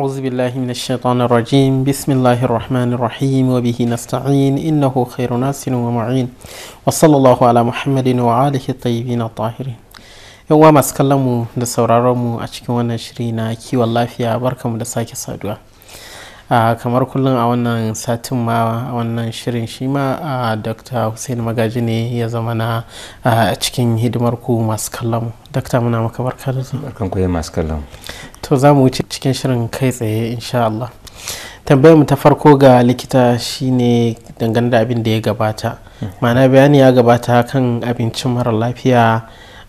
أعوذ بالله من الشيطان الرجيم بسم الله الرحمن الرحيم وبه نستعين إنه خير ناس ومعين وصلى الله على محمد وآله الطيبين الطاهرين yawwa masu kallon mu da sauraron mu a cikin wannan shiri na kiwon lafiya barkamu da sake saduwa kamar kullum a wannan satin ma a wannan shirin shi ma a dr hussein magaji ne ya zama na a cikin hidimar ku masu kallon mu dr muna maka barka da su masu kallon to za mu wuce cikin shirin kai tsaye insha Allah tambayar mu ta farko ga likita shine dangane da abin da ya gabata ma'ana bayani ya gabata kan abincin mara lafiya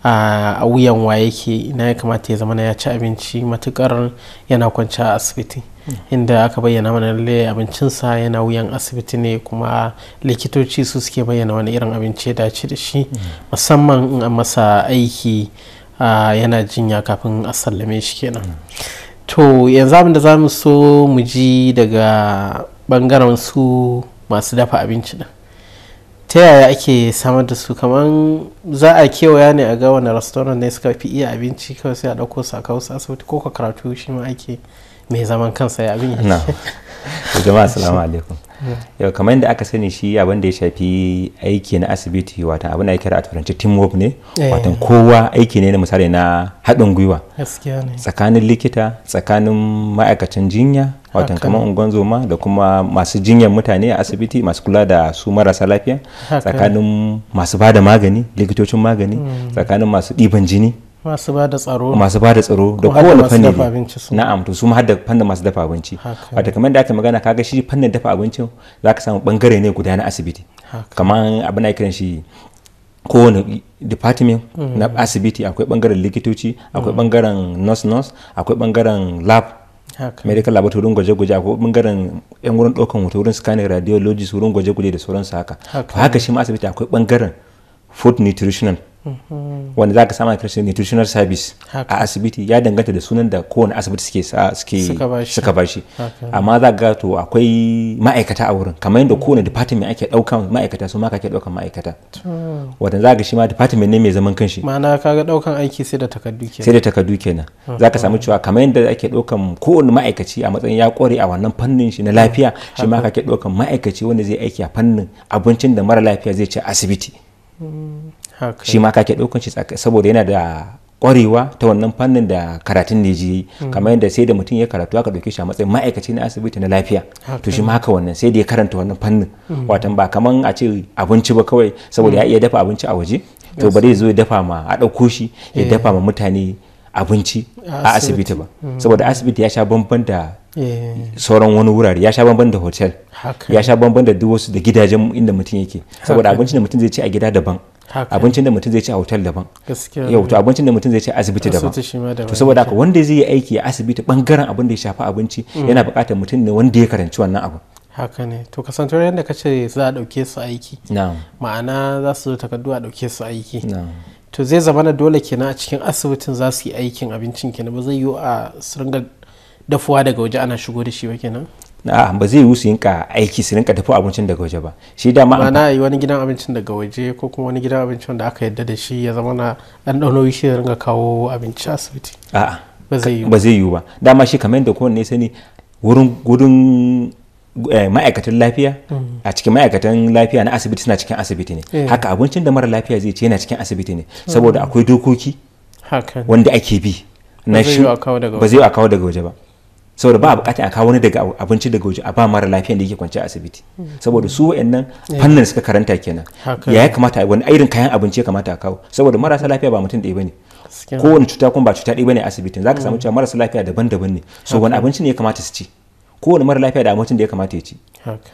a wuyan wa yake ina ya kamata ya zama ya ci abinci matukar yana kwanci a asibiti inda aka bayyana mana lalle abincinsa yana wuyan asibiti ne kuma likitoci su suke bayyana wani irin abinci ya dace da shi musamman in masa aiki Ah, yana jinya kafin a sallame shi kenan to yanzu abin da za mu so mu ji daga bangaren su masu dafa abinci da ta yaya ake samar da su kamar za a kewaya ne a ga wani restaurant ne suka fi iya abinci kawai sai a ɗauko su a kausa asibiti ko ka karatu shi ma ake mai zaman kansa ya abin jama'a alaikum yau kamar yadda aka sani shi abin da ya shafi aiki na asibiti wata abin da ya kira a turanci teamwork ne eh. kowa aiki ne na misali na haɗin gwiwa tsakanin likita tsakanin ma'aikacin jinya watan kamar ungon zoma da kuma masu jinyar mutane a asibiti masu kula da su marasa lafiya tsakanin masu ba da magani likitocin magani hmm. tsakanin masu ɗiban jini masu ba da tsaro masu ba da tsaro da kowane fanni na'am to su har da fannin masu dafa abinci wato kamar da aka magana kaga shi fannin dafa abincin zaka samu bangare ne guda na asibiti kamar abin da kiran shi kowane department mm. na asibiti akwai bangaren likitoci akwai bangaren mm. nurse nurse akwai bangaren lab medical lab wurin gwaje-gwaje akwai bangaren yan wurin ɗaukan hoto wurin scanning radiologist wurin gwaje-gwaje da sauransu haka haka shi ma asibiti akwai bangaren food nutritional wanda za ka samu a nutritional service a asibiti ya danganta da sunan da kowane asibiti suke suka bashi amma za ga to akwai ma'aikata a wurin kamar yadda kowane department ake daukan ma'aikata su ma ka ke daukan ma'aikata wanda za ga shi ma department ne mai zaman kanshi ma'ana ga daukan aiki sai da takardu kenan sai da takardu kenan za ka samu cewa kamar yadda ake daukan kowane ma'aikaci a matsayin ya kware a wannan fannin shi na lafiya shi ma ka ke daukan ma'aikaci wanda zai aiki a fannin abincin da mara lafiya zai ci asibiti mm. shi ma kake ɗaukan shi saboda yana da kwarewa ta wannan fannin da karatun ne ji hmm. kamar yadda sai da mutum ya karatu aka ɗauke shi a matsayin ma'aikaci na asibiti na lafiya to shi ma haka wannan sai da ya karanta wannan fannin hmm. watan ba kaman a ce abinci ba kawai saboda ya hmm. iya dafa abinci a waje to ba zai zo ya dafa ma a ɗauko shi ya dafa eh. ma mutane abinci a asibiti ba saboda asibiti ya sha bamban da eh. sauran wani wurare ya sha bamban da hotel ya sha bamban da duk wasu da gidajen inda mutum yake saboda abincin da mutum zai ci a gida daban abincin da mutum zai ci a hotel daban yau to abincin da mutum zai ci a asibiti daban to saboda haka wanda zai yi aiki a asibiti bangaren abin da ya shafa abinci mm. yana bukatar mutum ne wanda ya karanci wannan abu haka ne to kasantar yadda ka ce za a ɗauke su aiki ma'ana za su zo takardu a ɗauke su aiki to zai zama na dole kenan a cikin asibitin za su yi aikin abincin kenan ba zai yi a su dafuwa daga waje ana shigo da shi ba kenan Ah, ba zai yiwu su yinka aiki su rinka tafi abincin daga waje ba shi dama ma na yi wani gidan abincin daga waje ko kuma wani gidan abincin da aka yadda da shi ya zama na dan daunoyi shi rinka kawo abinci asibiti ba zai yiwu ba dama shi kamar yadda kowanne sani wurin gudun eh, ma'aikatan lafiya mm. a cikin ma'aikatan lafiya na asibiti suna cikin asibiti ne eh. haka abincin da mara lafiya zai ce yana cikin asibiti ne mm. saboda akwai dokoki wanda ake bi na shi ba zai a kawo daga waje ba saboda ba a bukata a kawo wani daga abinci daga waje a ba mara lafiyan da yake kwance a asibiti saboda su wayannan eh. fannin suka karanta kenan ya kamata a wani irin kayan abinci ya kamata a kawo saboda marasa lafiya ba mutum ɗaya bane kowane cuta kuma ba cuta ɗaya bane a asibitin ka mm. samu cewa marasa lafiya daban-daban ne so wani abinci ne ya kamata su ci kowane mara lafiya da abincin da ya kamata ya ci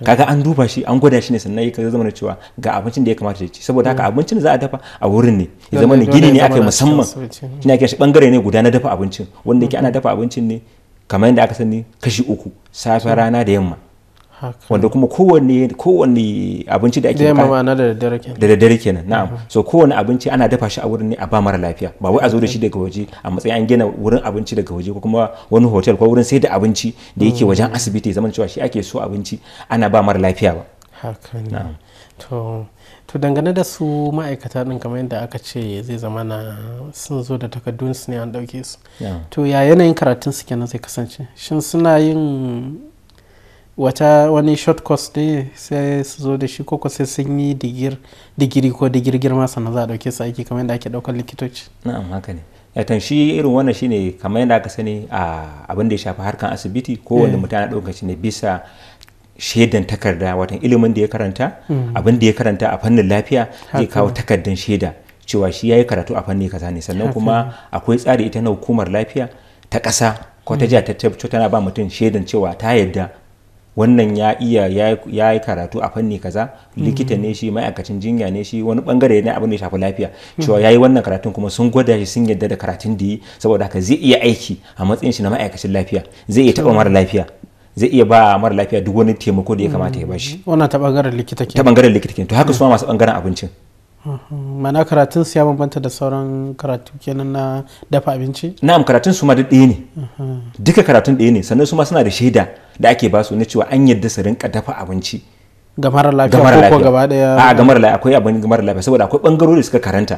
kaga an duba shi an gwada shi ne sannan ya zama cewa ga abincin da ya kamata ya ci saboda haka mm. abincin za a dafa a wurin ne ya zama ne gini ne aka yi musamman shi ne ake shi bangare ne guda na dafa abincin wanda yake ana mm. dafa abincin ne kamar yadda aka sani kashi uku safe hmm. rana da yamma wanda kuma kowane abinci da ake da yamma na da daddare kenan na'am hmm. so kowane abinci ana dafa shi a wurin ne a ba mara lafiya ba wai a zo da shi hmm. daga waje a matsayin an gina wurin abinci daga waje ko kuma wani hotel ko wurin sai da abinci da yake wajen asibiti zaman cewa shi ake so abinci ana ba mara lafiya ba haka to to dangane da su ma'aikata din kamar yadda aka ce zai zama na sun zo da takardun su ne an dauke su to ya yanayin karatun su kenan zai kasance shin suna yin wata wani short course dai sai su zo da shi koko sai sun yi digiri ko digiri girma sannan za a dauke su aiki kamar yadda ake daukar likitoci na'am haka ne yatan shi irin wannan shine kamar yadda aka sani a abin da ya shafi harkan asibiti ko wani eh. mutane ɗaukar shi ne bisa shaidan takarda watan ilimin da ya karanta hmm. abin da ya karanta a fannin lafiya zai kawo takardan shaida cewa shi ya yi karatu a fannin kaza ne sannan kuma akwai tsari ita na hukumar lafiya ta ƙasa ko ta jiya ta tabbatar tana ba mutum shaidan cewa ta yadda wannan ya iya ya yi karatu a fanni kaza hmm. likita ne shi ma'aikacin jinya ne shi wani bangare ne abin da ya shafi lafiya hmm. cewa ya yi wannan karatun kuma sun gwada shi sun yadda da karatun da yi saboda haka zai iya aiki a matsayin shi na ma'aikacin lafiya zai iya taɓa mara lafiya zai iya ba mara lafiya duk wani taimako da ya kamata ya mm-hmm. bashi wannan ta bangaren likita ke ta bangaren likita ke to haka su masu bangaren abincin mana mm-hmm. karatun su ya bambanta da sauran karatu kenan na dafa abinci na'am karatun su ma duk ɗaya ne mm-hmm. duka karatun ɗaya ne sannan su ma suna da shaida da ake basu na cewa an yadda su rinka dafa abinci ga mara lafiya ko gaba daya a ga mara lafiya akwai abin ga mara lafiya saboda akwai bangarori da suka karanta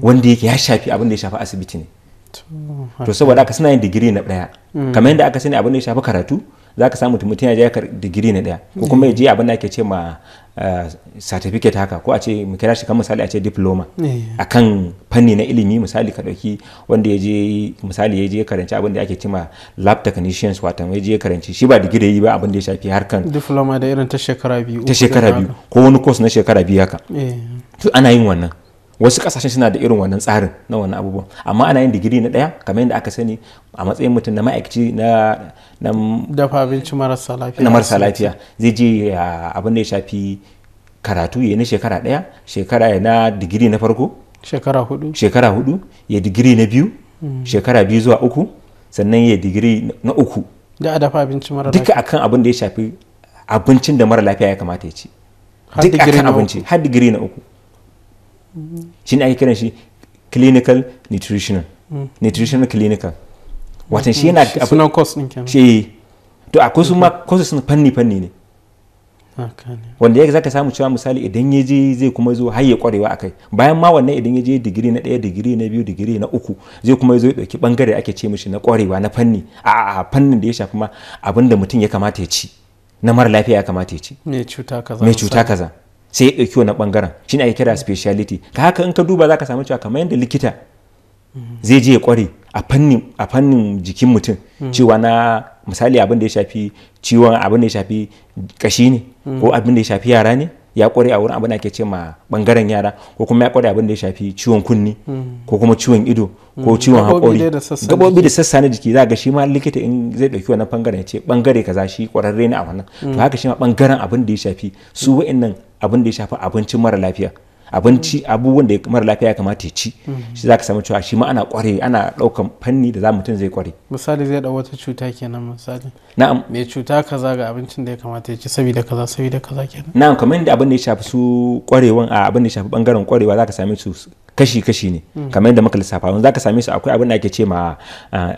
wanda yake ya shafi abin da ya shafi asibiti ne to saboda aka suna yin digiri na daya kamar yadda aka sani abin da ya shafi karatu za ka samu mutum ya je digiri na daya ko kuma ya je abin da ake ce ma eh, certificate haka ko a ce mu kira shi kan misali a ce diploma eh. akan fanni na ilimi misali ka dauki wanda ya je misali ya je karanci abin da ake ce ma lab technicians watan ya je karanci shi ba digiri yi ba abin da ya shafi harkan diploma da irin ta shekara biyu ta shekara biyu ko wani course na shekara biyu haka eh. to ana yin wannan wasu kasashen suna da irin wannan tsarin na wannan abubuwan amma ana yin digiri na ɗaya kamar yadda aka sani a matsayin mutum na ma'aikaci na dafa abinci marasa lafiya na marasa lafiya zai je abin da ya shafi karatu ya na shekara ɗaya shekara ya na digiri na farko shekara hudu shekara hudu ya digiri na biyu hmm. shekara biyu zuwa uku sannan ya digiri na uku da a dafa abinci mara lafiya duka akan abin da ya shafi abincin da mara lafiya ya kamata ya ci duk akan abinci har digiri na uku shi ne ake kiran shi clinical nutritional mm. nutritional clinical watan shi mm, yana abin course din kenan shi to akwai su ma mm-hmm. courses sun fanni fanni ne wanda yake zaka samu cewa misali idan ya je zai kuma zo har ya kwarewa akai bayan ma wannan idan ya je digiri na ɗaya digiri na biyu digiri na uku zai kuma zo ya dauki bangare ake ce mishi na kwarewa na fanni a fannin da ya shafi ma abin da mutum ya kamata ya ci na mara lafiya ya kamata ya ci cuta kaza. mai cuta kaza sai ya ɗauki wani ɓangaren shi ne ake kira speciality ka haka in ka duba za ka samu cewa kamar yadda likita zai je ya kware a fannin jikin mutum mm. cewa na misali abin da ya shafi ciwon abin da ya shafi kashi ne ko mm. abin da ya shafi yara ne ya kware a wurin abin da ake ce ma ɓangaren yara ko kuma ya kware abin da ya shafi ciwon kunni mm. ko kuma ciwon ido ko ciwon haƙori gaɓoɓi da sassa na jiki za ga shi ma likita in zai ɗauki wannan ɓangaren ya ce ka kaza shi kwararre ne a wannan to haka shi ma ɓangaren abin da ya shafi su nan. abin da ya shafi abincin mara lafiya abinci abubuwan da mara lafiya ya kamata ya ci mhm. shi za ka samu cewa shi ma ana kware ana ɗaukan fanni da za mutum zai kware misali zai da wata cuta kenan misali na'am mai cuta kaza ga abincin da ya kamata ya ci saboda kaza saboda kaza kenan na'am kamar yadda abin da ya shafi su kwarewan a abin da ya shafi bangaren kwarewa za ka same su kashi-kashi ne mhm. kamar yadda muka lissafa za ka same su akwai abin da ake ce ma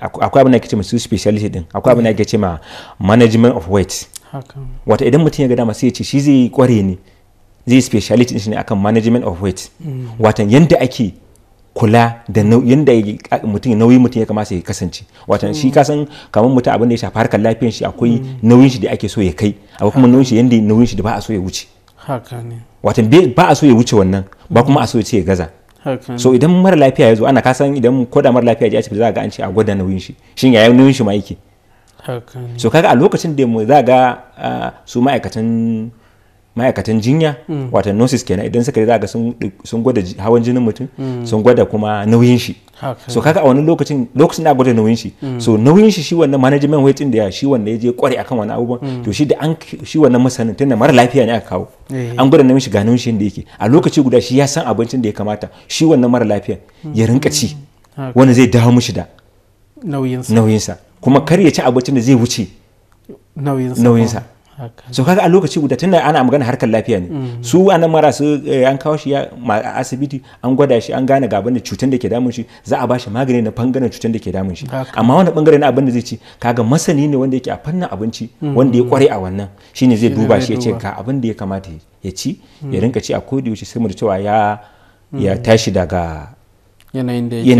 akwai abin da ake ce ma su speciality din akwai abin da mhm. ake ce ma management of weight wata idan mutum ya ga dama sai ya ce shi zai kware ne zai speciality shi ne akan management of weight watan yadda ake kula da yadda mutum nauyi mutum ya kamata ya kasance watan shi kasan kamar mutum abin da ya shafi harkar lafiyar shi akwai nauyin shi da ake so ya kai akwai kuma nauyin shi yadda nauyin shi da ba a so ya wuce watan ba a so ya wuce wannan ba kuma a so ya ce ya gaza so idan mara lafiya ya zo ana kasan idan koda mara lafiya ya ce za a ga an ce a gwada nauyin shi shin yaya nauyin shi ma yake so kaga a lokacin da za ga ah, su ma'aikatan ma'aikatan jinya mm. wata nosis kenan idan suka za ga sun gwada hawan jinin mutum mm. sun gwada kuma nauyin shi so kaga a wani lokacin lokacin da gwada nauyin shi mm. so nauyin shi shi wannan management weight da da shi wanda ya je kware akan wani abubuwan to shi da an shi wannan masanin tunda mara lafiya ne aka kawo eh. an gwada nauyin shi ga nauyin shi da yake a lokaci guda shi ya san abincin da ya kamata shi wannan mara lafiya ya rinka ci wanda zai dawo mishi da nauyinsa kuma kar ya ci abincin da zai wuce nauyinsa so kaga a lokaci guda tunda ana magana harkar lafiya ne mm-hmm. su anan su eh, an kawo shi a asibiti an gwada shi an gane gaban da cutar da ke damun shi za a bashi magani na bangaren cutar da ke damun shi amma wani bangare na abin da zai ci kaga masani ne wanda yake a fannin abinci mm-hmm. wanda ya kware a wannan shine zai duba shi ya ce ka abin da ya kamata ya ci ya mm-hmm. rinka ci a kodi wuce sai mu cewa ya ya tashi daga yanayin da ya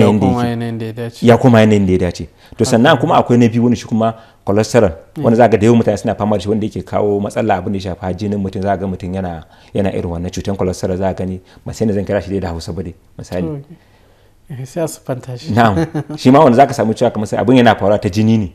dace ya kuma yanayin da ya dace to sannan kuma akwai na biyu wani shi kuma cholesterol mm. wanda za ga da yawan mutane suna fama da shi wanda yake kawo matsala abin da ya shafa jinin mutum za ga mutum yana yana irin wannan cutar cholesterol za gani ba sai zan kira shi da Hausa ba dai misali eh, sai su fanta shi na'am shi ma wanda zaka samu cewa kamar sai abin yana faruwa ta jini ne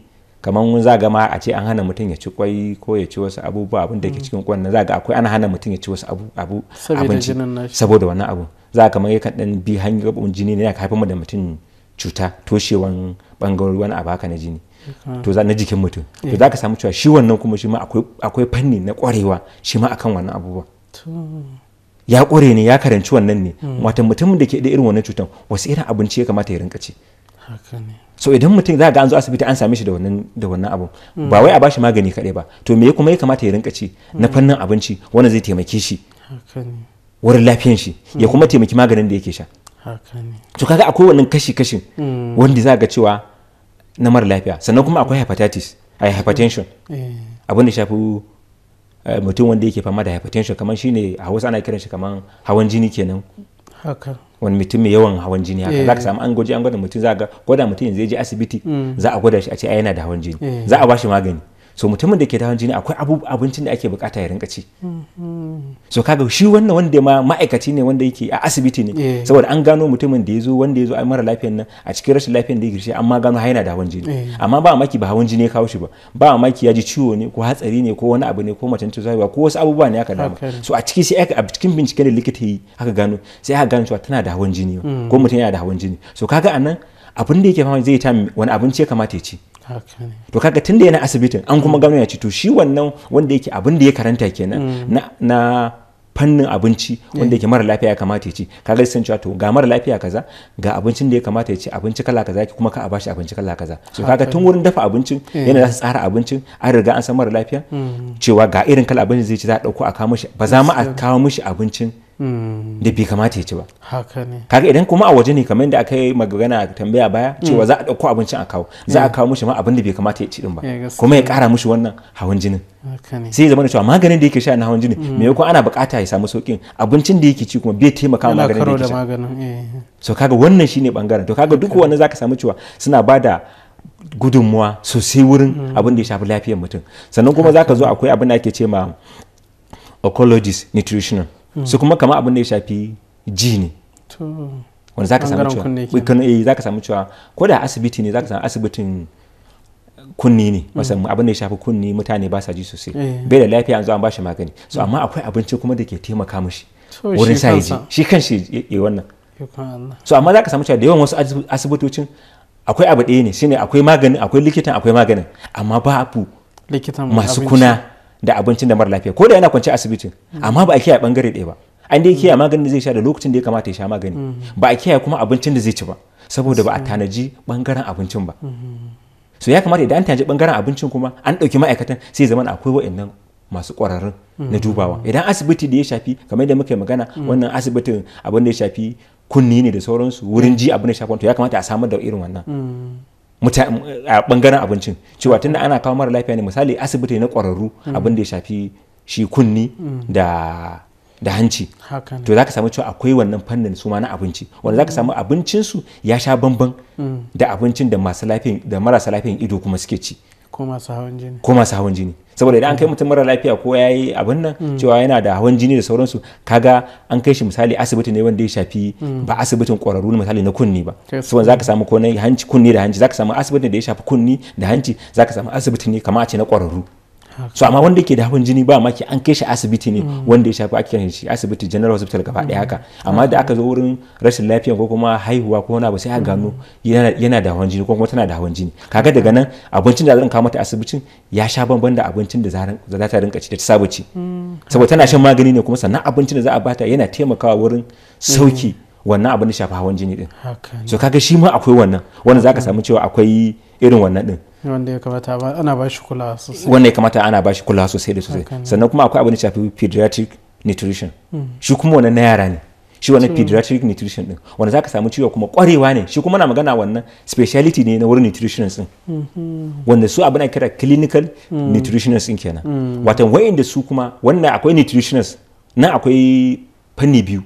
kamar mun za ga ma a ce an hana mutum ya ci kwai ko ya ci wasu abubuwa abin da ke mm. cikin kwan za ga akwai ana hana mutum ya ci wasu abu abu abinci saboda wannan abu za kamar yakan dan bi hanyar jini ne ya haifar da mutum cuta toshewan bangarori wani abu haka na jini to za na jikin mutum to za ka samu cewa shi wannan kuma shi ma akwai fanni na kwarewa shi ma akan wannan abubuwa ya kware ne ya karanci wannan ne wata mutumin da ke da irin wannan cutar wasu irin abinci ya kamata ya rinka ci so idan mutum za ga an zo asibiti an same shi da wannan da wannan abu mm. ba wai a bashi magani kaɗai ba to me kuma ya kamata ya rinka ci na mm. fannin abinci wanda zai taimake shi wurin lafiyan shi ya mm. kuma taimaki maganin da yake sha to kaga akwai wannan kashi kashin wanda za ga cewa na mara lafiya sannan kuma akwai hepatitis a hypertension eh. abin da shafi eh, mutum wanda yake fama da hypertension kamar shine a hausa ana kiran shi kamar hawan jini kenan wani mutum mai yawan hawan jini haka za ka eh. samu an gwaji an gwada mutum za a gwada mutum yanzu ya je asibiti mm. za a gwada shi a ce yana da hawan jini za a ba shi magani so mutumin da ke da hawan jini akwai abincin da ake bukata ya rinka ci so kaga shi wannan wanda ma ma'aikaci ne wanda yake a asibiti ne eh. saboda an gano mutumin da ya zo wanda ya zo a mara lafiyan nan a cikin rashin lafiyan da ya shi amma gano haina da hawan jini eh. amma ba maki ba hawan jini ya kawo shi ba ba maki ya ji ciwo ne ko hatsari ne ko wani abu ne ko macen ta ko wasu abubuwa ne aka dama so a cikin sai a cikin bincike da likita yi aka gano sai aka gano cewa tana da hawan jini mm. ko mutum yana da hawan jini so kaga anan abin da yake fama zai ta wani abinci ya kamata ya ci to kaga tunda yana asibitin an kuma mm. gano ya ce to shi wannan wanda yake abin da ya karanta kenan mm. na fannin abinci wanda yake mara lafiya ya kamata ya ci kaga sun cewa to ga mara lafiya kaza ga abincin da ya kamata ya ci abinci kala kaza ki kuma ka a bashi abinci kala kaza so kaga tun wurin dafa abincin yana da tsara abincin an riga an san mara lafiya mm. cewa ga irin kala abincin zai ci za a dauko a kawo mishi ba za mu a kawo mishi abincin Hmm. da bai kamata ya ci ba kaga idan kuma a waje ne kamar yadda aka yi magana tambaya baya cewa za a ɗauko abincin a kawo za a kawo mushi ma abin da bai kamata ya ci din ba kuma ya ƙara mushi wannan hawan jinin sai ya zama da cewa maganin da yake sha na hawan jinin hmm. maimakon ana bukata ya samu sauƙin abincin da yake ci kuma bai taimaka maganin da yake sha eh. so kaga wannan shine bangaren to kaga duk wannan zaka samu cewa suna bada gudunmuwa sosai wurin hmm. abin da ya shafi lafiyar mutum sannan kuma zaka zo akwai abin da ake ce ma oncologist nutritional su kuma kama abin da ya shafi ji ne wanda zaka samu cewa eh, zaka samu cewa ko da asibiti ne zaka samu asibitin kunni ne musamman abin da ya shafi kunni mutane ba sa ji sosai eh. bai da lafiya an zo an bashi magani so mm. amma akwai abinci kuma da ke taimaka mishi wurin sa ji shi kan shi ya wannan so amma zaka samu cewa da yawan wasu asibitocin akwai abu ɗaya ne shine akwai magani akwai likitan akwai maganin amma ba abu masu kuna da abincin da mara lafiya ko da yana kwance asibitin amma ba a kiyaye bangare ɗaya ba an dai kiyaye maganin da zai sha da lokacin da ya kamata ya sha magani mm-hmm. ba a kiyaye kuma abincin da zai ci ba saboda ba a tanaji bangaren abincin ba mm-hmm. so ya kamata idan an tanaji bangaren abincin kuma an ɗauki ma'aikatan sai zama akwai wa'annan masu ƙwararrun na mm-hmm. dubawa idan asibiti da ya shafi kamar yadda muka magana mm. wannan asibitin abin da ya shafi kunni ne da sauransu wurin mm. ji abin da ya shafi ya kamata a samar da irin wannan mm. a bangaren abincin cewa tunda ana kawo mara lafiya ne misali asibiti na kwararru mm. abin da ya shafi shi kunni mm. da da hanci to za ka samu cewa akwai wannan fannin su ma na abinci wanda za ka mm. samu abincinsu ya sha bamban da abincin da marasa lafiyan ido kuma suke ci ko masu hawan jini saboda idan an mm. kai mutum mara lafiya ko ya yi abin nan mm. cewa yana da hawan jini da sauransu kaga an kai shi misali asibiti ne wanda ya shafi mm. ba asibitin kwararru misali na kunni ba saboda zaka samu ko na hanci kunni da hanci zaka samu asibitin da ya shafi kunni da hanci zaka samu asibiti ne kamar a ce na kwararru so amma wanda ke da hawan jini ba maki an kai shi asibiti ne mm. wanda ya shafi ake shi asibiti general hospital gaba daya haka amma da aka zo wurin rashin lafiya ko kuma haihuwa ko wani abu sai a gano yana da hawan jini ko kuma tana da hawan jini kaga daga nan abincin da zan kawo mata asibitin ya sha bamban da abincin da za ta rinka ci da ta saba ci mm, saboda tana shan magani ne kuma sannan abincin da za a bata yana taimakawa wurin mm. sauki wannan abin da shafa hawan jini din so kaga shi ma akwai wannan wanda zaka samu cewa akwai irin wannan din wanda ya kamata ana ba shi kula sosai wanda ya kamata ana ba shi kula sosai da sosai sannan kuma akwai abin da shafi pediatric nutrition hmm. shi kuma wannan na yara ne shi wannan pediatric nutrition din wanda zaka samu ciwo kuma kwarewa ne shi kuma na magana wannan speciality ne na wurin nutritionist din hmm. wanda su abin kira clinical hmm. nutritionist din kenan watan wayanda su kuma wannan akwai nutritionist na akwai fanni biyu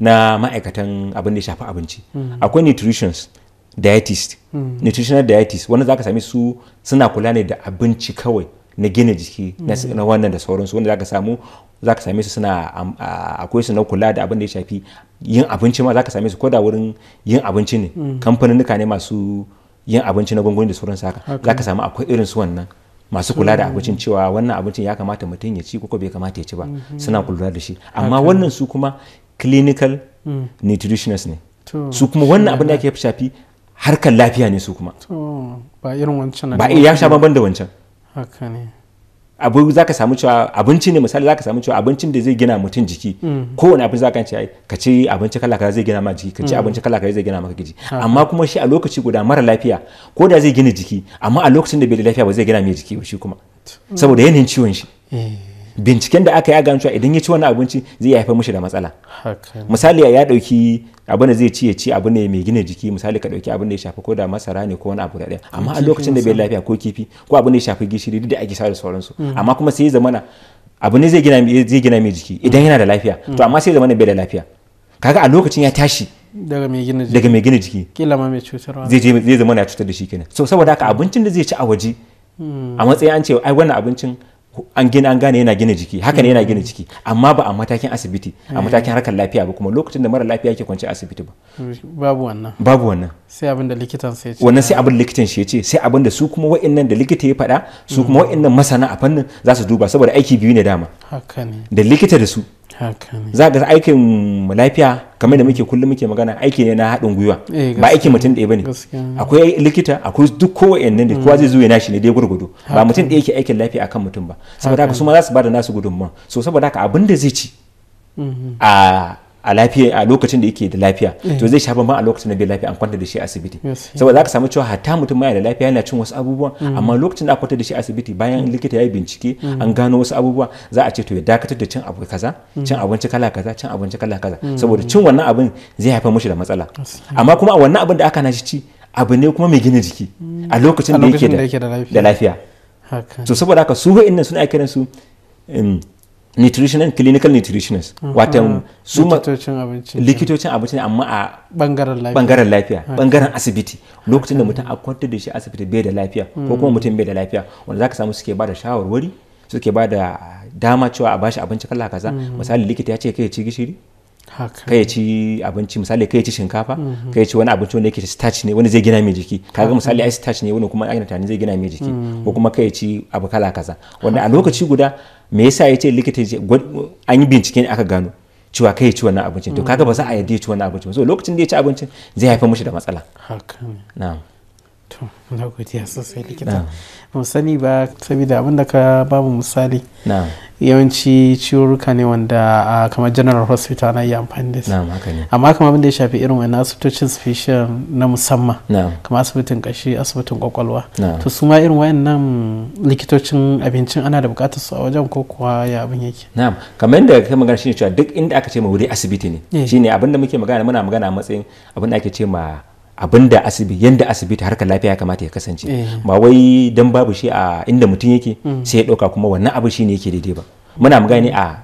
na ma'aikatan abin da ya shafi abinci akwai nutritionist dietist hmm. nutritional dietist wanda zaka sami su suna kula ne da abinci kawai na gina jiki na hmm. wannan da sauransu wanda zaka samu zaka same su suna akwai su na kula da abin da ya shafi yin abinci ma zaka same su koda wurin yin abinci ne hmm. kamfaninnika ne masu yin abinci na gwangwani da sauransu haka zaka samu akwai irin su wannan masu kula da abincin cewa wannan abincin ya kamata mutum ya ci ko bai kamata ya ci ba suna kula da shi amma wannan su kuma clinical nutritionist ne su kuma wannan abin da ake shafi harkar lafiya ne su kuma ba irin wancan ba ya sha bamban da wancan haka ne abu za ka samu cewa abinci ne misali za ka samu cewa abincin da zai gina mutum jiki mm. wani abin za ka ciyayi ka ci abinci kala kaza zai gina ma jiki ka ci mm. abinci kala kaza zai gina maka jiki amma kuma shi a lokaci guda mara lafiya ko da zai gina jiki amma a lokacin da bai da lafiya ba zai gina mai jiki ba shi kuma saboda yanayin ciwon shi eh. binciken da aka ya gano cewa idan ya ci wani abinci zai haifar mishi da matsala misali ya dauki abin da zai ci ya ci abu ne mai gina jiki misali ka dauki abin da ya shafi ko da masara ne ko wani abu da daya amma a lokacin da bai lafiya ko kifi ko abin da ya shafi gishiri duk da ake sa da sauransu hmm. amma kuma sai ya zamana abu ne zai gina mai jiki idan yana da lafiya hmm. to amma sai ya zamana bai da lafiya kaga a lokacin ya tashi daga mai gina jiki daga mai gina jiki kila ma mai cutarwa zai zai zama ya cutar da shi kenan so saboda haka abincin da zai ci a waje hmm. a matsayin an ce ai wannan abincin an gina an gane yana gina jiki haka ne yana gina mm. jiki amma ba a matakin asibiti a mm. matakin harkar lafiya ba kuma lokacin da mara lafiya yake kwance asibiti ba babu wannan babu wannan sai abin da likitan sai ce wannan sai abin da likitan shi ce sai abin da su kuma wa'annan da likita ya faɗa su kuma mm. wa'annan masana a fannin za su duba saboda aiki biyu ne dama haka ne da likita da su haka ne za ga aikin lafiya kamar da muke kullum muke magana aiki ne na haɗin gwiwa eh, ba aiki mutum ɗaya bane akwai likita akwai duk kowanne da mm. kowa zai zo ya nashi ne dai gurgudu ba mutum ɗaya yake aikin lafiya akan mutum ba saboda haka su ma za su bada nasu gudunmawa so saboda haka abin da zai ci mm-hmm. a a lafiya a lokacin da yake da lafiya to eh. zai sha ma a lokacin da bai lafiya an kwanta da shi asibiti saboda zaka samu cewa hatta mutum mai da lafiya yana cin wasu abubuwa mm. amma lokacin da aka kwanta da shi asibiti bayan mm. likita ya yi bincike mm. an gano wasu abubuwa za a ce to ya dakatar da cin abu kaza cin abinci kala kaza cin abinci kala kaza saboda cin wannan abin zai haifar mushi da matsala amma kuma a wannan abin da aka na ci abu ne kuma mai gina jiki a lokacin da yake da lafiya to saboda haka su wa'in nan suna kiran su um, nutrition clinical nutritionist mm-hmm. wata su likitocin abinci ne amma a bangaren lafiya bangaren asibiti lokacin da mutum a kwantar da shi asibiti bai da lafiya ko kuma mm. mutum bai da lafiya wanda ka samu suke ba da shawarwari suke ba da dama cewa a bashi abinci kala kaza mm. misali likita ya ce kai ci gishiri kai ya ci abinci misali kai ya ci shinkafa mhm. kai ya ci wani abinci wanda yake starch ne wani zai gina mai jiki kaga misali ai starch ne wani kuma ai tunanin zai gina mai jiki hmm. ko kuma kai ya ci abu kala kaza wanda a lokaci guda me yasa ya ce likita an yi bincike ne aka gano cewa kai ci wannan abincin to kaga ba za a yarda ya ci wannan abincin so lokacin da ya ci abincin zai haifar mishi da matsala na'am to na godiya sosai likita sani ba saboda ka misali yawanci ciwurruka ne wanda kamar general hospital na yi amfani da su amma kamar abinda ya shafi irin wani asibitocin special na musamman kamar asibitin kashi asibitin kwakwalwa to su ma irin nan likitocin abincin ana da bukatar su a wajen ko kuwa ya abin yake na'am kamar yadda kai magana shine cewa duk inda aka ce ma wuri asibiti ne eh. shine abinda muke magana muna magana matsayin abinda ake ce ma abinda asibiti yanda asibiti harka lafiya ya kamata ya kasance eh. ba wai dan babu shi a inda mutum yake mm. sai ya dauka kuma wannan abu shine yake daidai ba muna magani a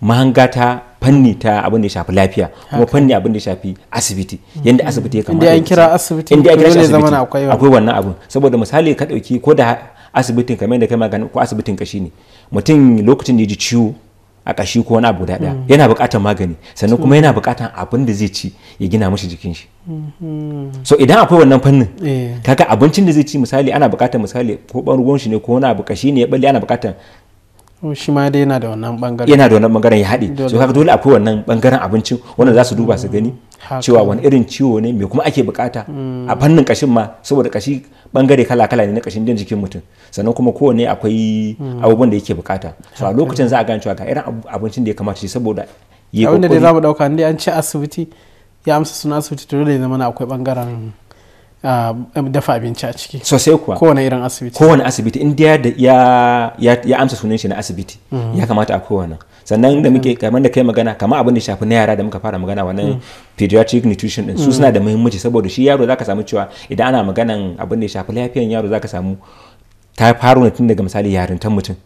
mahanga ta fanni ta abin da ya shafi lafiya kuma fanni abin da ya shafi asibiti yanda mm. asibiti ya kamata inda an kira asibiti inda an kira asibiti akwai wannan abu saboda misali ka dauki ko da asibitin kamar da kai magana ko asibitin ka ne mutum lokacin da ya ji ciwo a ƙashi ko wani abu guda ɗaya mm. yana buƙatar magani sannan kuma yana buƙatar abin da zai ci ya gina mashi jikin shi mm-hmm. so idan akwai wannan fannin eh. kaga abincin da zai ci misali ana buƙatar misali ko ban ruwan shi ne ko wani abu ƙashi ne ya balle ana buƙatar shi ma dai yana da wannan bangaren yana da wannan bangaren ya haɗe so kaga dole akwai wannan bangaren abincin wanda za su duba su gani cewa wani irin ciwo ne me kuma ake bukata hmm. a fannin kashin ma saboda kashi bangare kala kala ne na kashin din jikin mutum sannan kuma kowane akwai hmm. abubuwan da yake bukata so a lokacin za a gane cewa ga irin abincin da ya kamata shi saboda yayi kokari abin da za mu dauka an ci asibiti ya amsa suna asibiti to dole ne zama akwai bangaren Ah, dafa abinci a ciki sosai kuwa kowane irin asibiti kowane asibiti in da ya amsa sunan shi na asibiti mm-hmm. ya kamata a kowane sannan da muke mm-hmm. kamar da kai magana kamar abin da shafi na yara da muka fara magana wannan mm-hmm. pediatric nutrition din su suna da muhimmanci saboda shi yaro zaka samu cewa idan ana maganan abin da shafi lafiyan yaro zaka samu ta faro ne tun daga misali yarintan mutum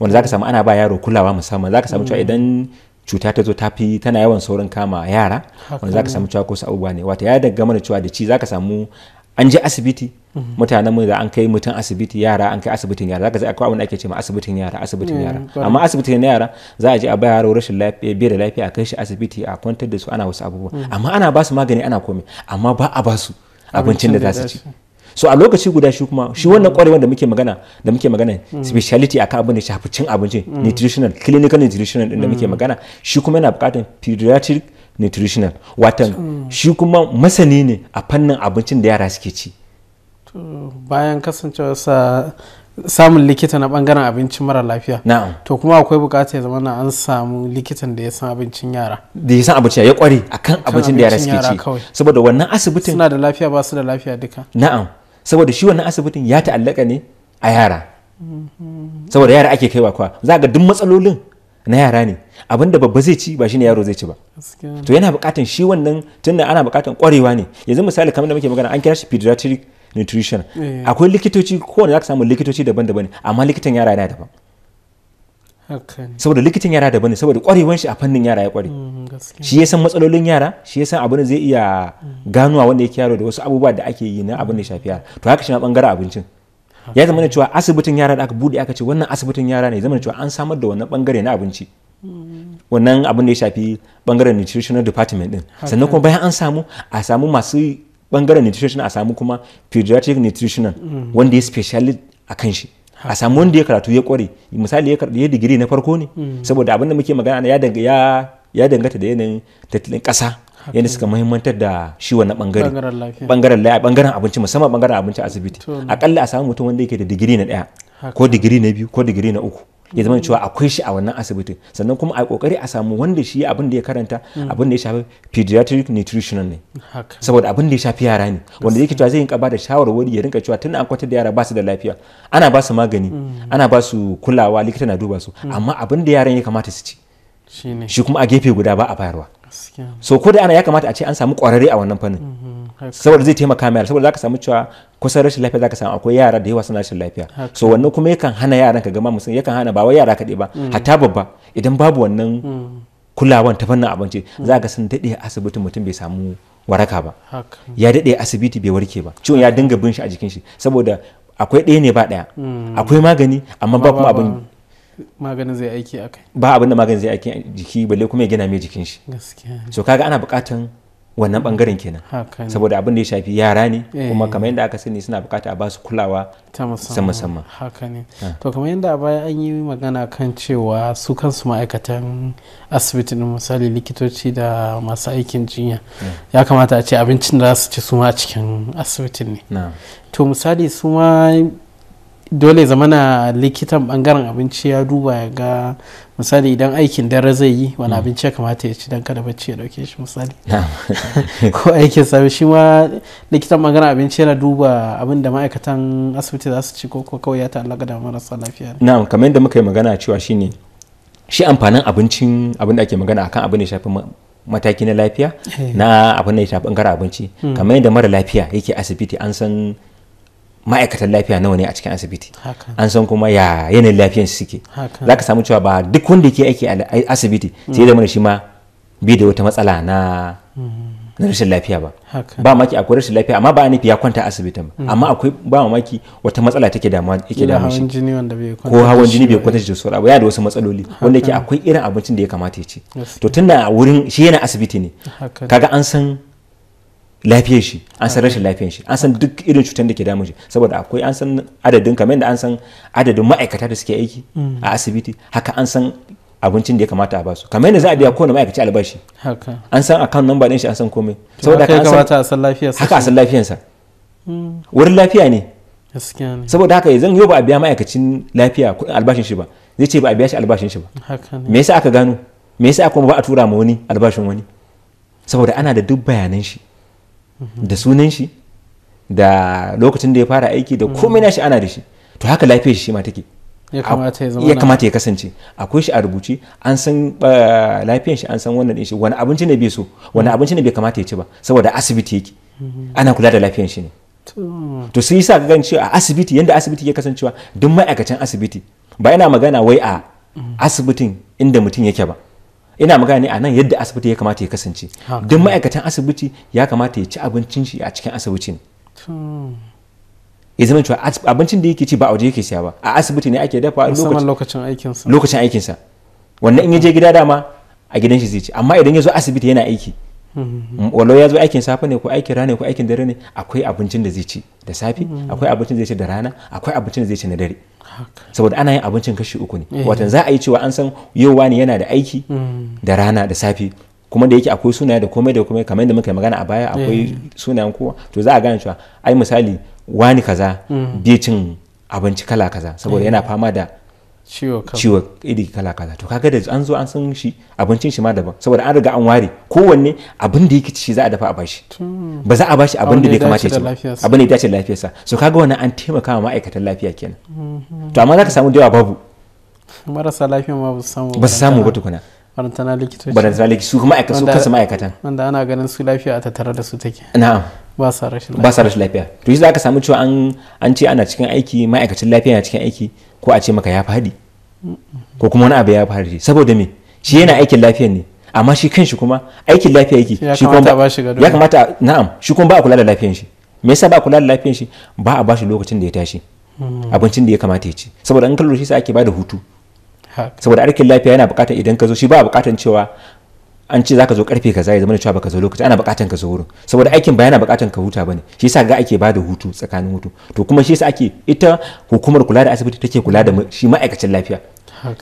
wanda zaka samu ana ba yaro kulawa musamman zaka samu cewa idan cuta ta zo ta fi tana yawan saurin kama yara wanda zaka samu cewa ko abubuwa ne wata ya daga mana cewa da ci zaka samu an je asibiti mutanen mu da an kai mutum asibiti yara an kai asibitin yara zaka sai akwai abin da ake cewa asibitin yara asibitin mm, yara amma asibitin yara za a je a ba yaro rashin lafiya biyar da lafiya a kai shi asibiti a kwantar da su ana wasu abubuwa mm. amma ana ba su magani ana komai amma ba a ba su abincin da za su ci so a lokaci guda shi kuma shi wannan kwarewar mm. da muke magana da muke magana speciality akan abin da shafi cin abinci nutritional clinical nutritional din da muke magana shi kuma yana bukatar pediatric nutritional watan mm. shi kuma masani ne a fannin abincin da yara suke ci bayan kasancewa sa samun likita na bangaren abincin mara lafiya to kuma akwai bukata ya zama na an samu likitan da ya san abincin yara da ya san abincin ya kware akan abincin da yara suke ci saboda wannan asibitin suna da lafiya ba su da lafiya duka na'am saboda shi wannan asibitin ya ta'allaka ne a yara saboda yara ake kaiwa kwa za ga duk matsalolin na yara ne abin da babba zai ci ba ne yaro zai ci ba to yana bukatan shi wannan tunda ana bukatan kwarewa ne yanzu misali kamar da muke magana an kira shi pediatric nutrition eh. akwai likitoci kowane za ka samu likitoci daban-daban amma likitan yara yana daban saboda likitan yara daban ne saboda kwarewan shi a fannin yara ya kware mm, shi ya san matsalolin yara shi ya san abin da zai iya mm. ganowa wanda yake yaro da wasu abubuwa da ake yi na abin da shafi yara to haka shi na bangaren abincin ya zama da cewa asibitin yara da aka bude aka ce wannan asibitin yara ne zama da cewa an samar da wannan bangare na abinci wannan abin da ya shafi bangaren nutritional department din sannan kuma bayan an samu a samu masu bangaren nutritional a samu kuma pediatric nutritional mm. wanda ya specialist a kan shi a samu wanda ya karatu ya kware misali ya digiri na farko ne mm. saboda abin da muke magana ya ya dangata da yanayin tattalin ƙasa yadda suka mahimmantar da shi wannan bangare bangaren lafiya bangaren abinci musamman bangaren abinci asibiti akalla a samu mutum wanda yake da digiri na daya ko digiri na biyu ko digiri na uku ya zama mm. cewa akwai shi a wannan asibiti. sannan kuma a kokari a samu wanda shi abin da ya karanta mm. abin da ya shafi pediatric nutrition ne saboda abin da ya shafi yara ne wanda yake cewa zai kaba bada shawarwari ya rinka cewa tun an kwatar da yara ba su da lafiya ana ba su magani mm. ana ba su kulawa likita na duba su amma abin da yaran ya kamata su ci shi kuma a gefe guda ba a bayarwa so ko da ana ya kamata a ce an samu kwararre a wannan fannin mm-hmm. saboda zai taimaka mai saboda zaka samu cewa kusan rashin lafiya zaka samu akwai yara da yawa suna rashin lafiya so wannan kuma yakan hana yaran ka gama musamman yakan hana ba wai yara kaɗai ba mm. hatta babba idan babu wannan mm. kulawan ta fannin abinci mm. za ka san daɗe asibitin mutum bai samu waraka ba ya daɗe asibiti bai warke ba ciwon ya dinga bin shi a jikin shi saboda akwai ɗaya ne ba ɗaya akwai magani amma ba kuma abin maganin zai aiki a kai. ba abinda maganin zai aiki jiki balle kuma ya gina mai jikin shi gaskiya so kaga ana bukatan wannan bangaren kenan saboda abin da ya shafi yara ne eh. kuma kamar yadda aka sani suna bukata a ba su kulawa ta musamman haka ne ah. to kamar yadda a baya an yi magana kan cewa su kansu ma'aikatan asibiti na misali likitoci da masu aikin jinya eh. ya kamata a ce abincin da za su ci su ma cikin asibitin ne to misali su ma dole zama na likitan bangaren abinci ya duba ya ga misali idan aikin dare zai yi wani hmm. abinci ya kamata ya ci don kada bacci ya dauke shi misali ko aikin sami shi ma likitan bangaren abinci yana duba abin da ma'aikatan asibiti za su ci ko kawai ya ta'allaka da marasa lafiya na kamar yadda muka yi magana cewa shine shi amfanin abincin abin da ake magana akan abin da shafi mataki na lafiya eh. na abin da ya shafi bangaren abinci hmm. kamar yadda mara lafiya yake asibiti an san ma'aikatan lafiya nawa ne a cikin asibiti an san kuma ya yanayin lafiyan su suke za ka samu cewa ba duk wanda ke aiki a asibiti sai zama shi ma bi da wata matsala na na rashin lafiya ba ba maki akwai rashin lafiya amma ba nufi ya kwanta asibitin ba mm. amma akwai ba mamaki wata matsala take damuwa yake damu shi ko hawan jini bai kwanta da sauran abu ya da wasu matsaloli wanda ke akwai irin abincin da ya kamata ya ci to tunda wurin shi yana asibiti ne kaga an san lafiyar shi an san rashin lafiyar shi an san duk irin cutar da ke damun shi saboda akwai an san adadin kamar yadda an san adadin ma'aikata da suke aiki mm. a asibiti haka an san abincin da ya kamata a basu kamar yadda za a biya kowane ma'aikaci albashi an san akan nan din shi an san komai saboda haka a san haka a san sa wurin lafiya ne saboda haka yanzu yau ba a biya ma'aikacin lafiya albashin shi ba zai ce ba a biya shi albashin shi ba me yasa aka gano me yasa aka ba a tura ma wani albashin wani saboda ana da duk bayanan shi da sunan shi da lokacin da ya fara aiki da mm. komai na shi ana da shi to haka lafiyar shi ma take ya kamata ya kasance akwai shi a rubuce an san lafiyar shi an san wannan din shi wani abinci ne bai so wani mm. abinci ne bai kamata ya ci ba saboda asibiti yake mm-hmm. ana kula da lafiyar shi ne to sai yasa gan cewa a asibiti yanda asibiti ya kasancewa duk ma'aikacin asibiti ba yana magana wai a mm. asibitin inda mutum yake ba ina magana ne a nan yadda asibiti ya kamata ya kasance duk ma'aikatan asibiti ya kamata ya ci abincin shi a cikin asibitin hmm. ya zama cewa abincin da yake ci ba a waje yake siya ba a asibiti ne ake dafa lokacin aikinsa lokacin wannan in ya je gida dama a gidan shi zai ci amma idan ya zo asibiti yana aiki walau ya zo aikin safe ne ko aikin rana ko aikin dare ne akwai abincin da zai ci da safe akwai abincin da zai ci da rana akwai abincin da zai ci na dare saboda ana yin abincin kashi uku ne eh. wato za a yi cewa an san yau wani yana da aiki mm. da rana da safe kuma da yake akwai sunaye da komai da komai kamar yadda muka magana a baya akwai eh. sunayen kowa to za a gane cewa ai misali wani kaza mm. bai cin abinci kala kaza saboda eh. yana fama da ciwo iri kala kala to kaga da an zo an san shi abincin shi ma daban saboda an riga an ware kowanne abin da yake ci za a dafa a bashi ba za a bashi abin da ya kamata ya ci abin da ya dace sa so kaga wannan an taimaka wa ma'aikatan lafiya kenan mm-hmm. to amma zaka samu da yawa babu marasa lafiya ma ba su samu ba su samu ba tukuna barantana likitoci barantana likitoci su kuma aikata su kansu ma'aikatan wanda ana ganin su lafiya a tattare da su take na'am ba sa rashin lafiya to shi za ka samu cewa an ce ana cikin aiki ma'aikacin lafiya na cikin aiki ko a ce maka ya fadi ko kuma wani abu ya fadi saboda me shi yana aikin lafiya ne amma shi kanshi kuma aikin lafiya yake shi kuma ya kamata na'am shi kuma ba a kula da lafiyan shi me yasa ba a kula da lafiyan shi ba a bashi lokacin da ya tashi hmm. abincin da ya kamata ya ci saboda an kallo shi sa ake bada hutu saboda aikin lafiya yana bukatar idan ka zo shi ba bukatar cewa an ce za ka zo karfe kaza ya zama da cewa baka zo lokaci ana bukatan ka zo wurin saboda aikin ba yana bukatan ka huta bane shi yasa ga ake bada hutu tsakanin hutu to kuma shi yasa ake ita hukumar kula da asibiti take kula da shi ma'aikacin lafiya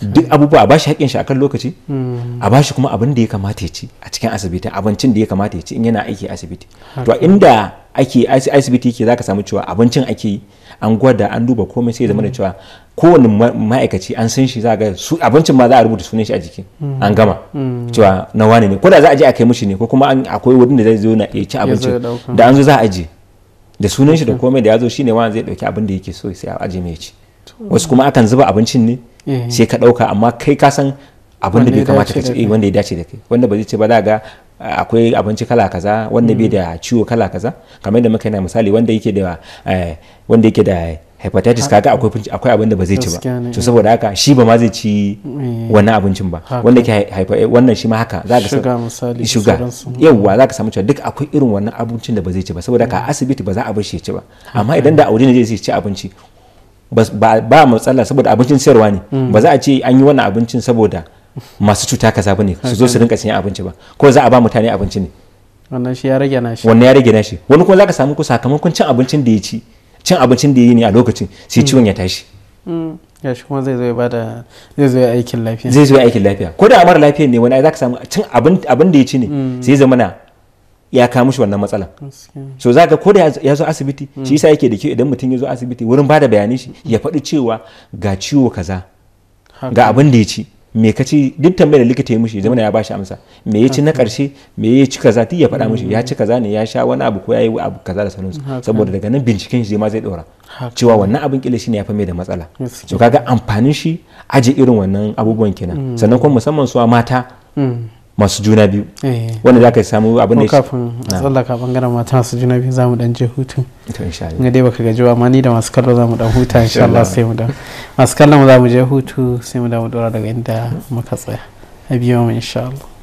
duk abubuwa a bashi haƙƙin shi akan lokaci hmm. a bashi kuma abin da ya kamata ya ci a cikin asibiti abincin da ya kamata ya ci in yana aiki asibiti to inda ake asibiti yake zaka samu cewa abincin ake yi an gwada an duba komai sai ya zama da hmm. cewa kowane ma'aikaci an san shi za ga su abincin ma za a rubuta sunan shi a jiki hmm. an gama hmm. cewa na wane ne ko da za a je a kai mishi ne ko kuma akwai wurin da zai zo na ya ci abincin da an zo za a je da sunan shi da hmm. komai da ya zo shine wani zai dauki abin da yake so sai a je mai ya ci wasu kuma akan zuba abincin ne eh. sai ka dauka amma kai ka san abin da bai kamata ka ci wanda ya dace da kai wanda ba zai ce ba za ga akwai abinci kala kaza wanda bai da ciwo kala kaza kamar da muka na misali wanda yake da eh, wanda yake da hepatitis kaga akwai akwai abin da ba zai ci ba to saboda haka shi ba ma zai ci eh, wannan abincin ba wanda ke eh, wannan shi ma haka za ka misali shuga yawwa za ka samu cewa duk akwai irin wannan abincin da ba zai ci ba saboda haka mm. asibiti ba za a bar shi ya ci ba amma idan da aure ne zai ci abinci ba matsala saboda abincin sayarwa ne mm. ba za a ce an yi wannan abincin saboda masu cuta kaza bane su zo su rinka cin abinci ba ko za a ba mutane abinci ne wannan shi ya rage nashi wannan ya rage nashi wani kuma za ka samu ku sakamakon cin abincin da ya ci cin abincin da yi ne a lokacin sai mm. ciwon ya tashi ya mm. shi kuma zai zo ba da zai zo aikin lafiya zai zo aikin lafiya ko da mara lafiya ne wani ai zaka samu cin abin da ya ci ne mm. sai zama na ya kawo mishi wannan matsalan so za ka da ya zo asibiti shi yasa yake da kyau idan mutum ya zo asibiti wurin bada bayanin shi ya faɗi cewa ga ciwo kaza ga abin da ya ci me ka ci duk tambayar da likita ya mishi zama ya bashi amsa me ya ci na karshe me ya ci kaza ya faɗa mm. mishi ya ci kaza ne ya sha wani abu ko ya yi abu kaza da sauransu saboda daga nan binciken shi ma zai ɗora cewa wannan abin kila shi ne ya fi mai da matsala to kaga amfanin shi aje irin wannan abubuwan kenan mm. sannan kuma musamman suwa mata mm. masu juna biyu eh. wanda za ka samu abin da ya kafin ka bangaren mata masu juna biyu za mu dan je hutu ga dai baka gaji ba ma ni da masu kallo za mu dan huta insha Allah sai mu dan masu kallon za mu je hutu sai mu dan mu dora daga inda muka tsaya a biyo mu insha Allah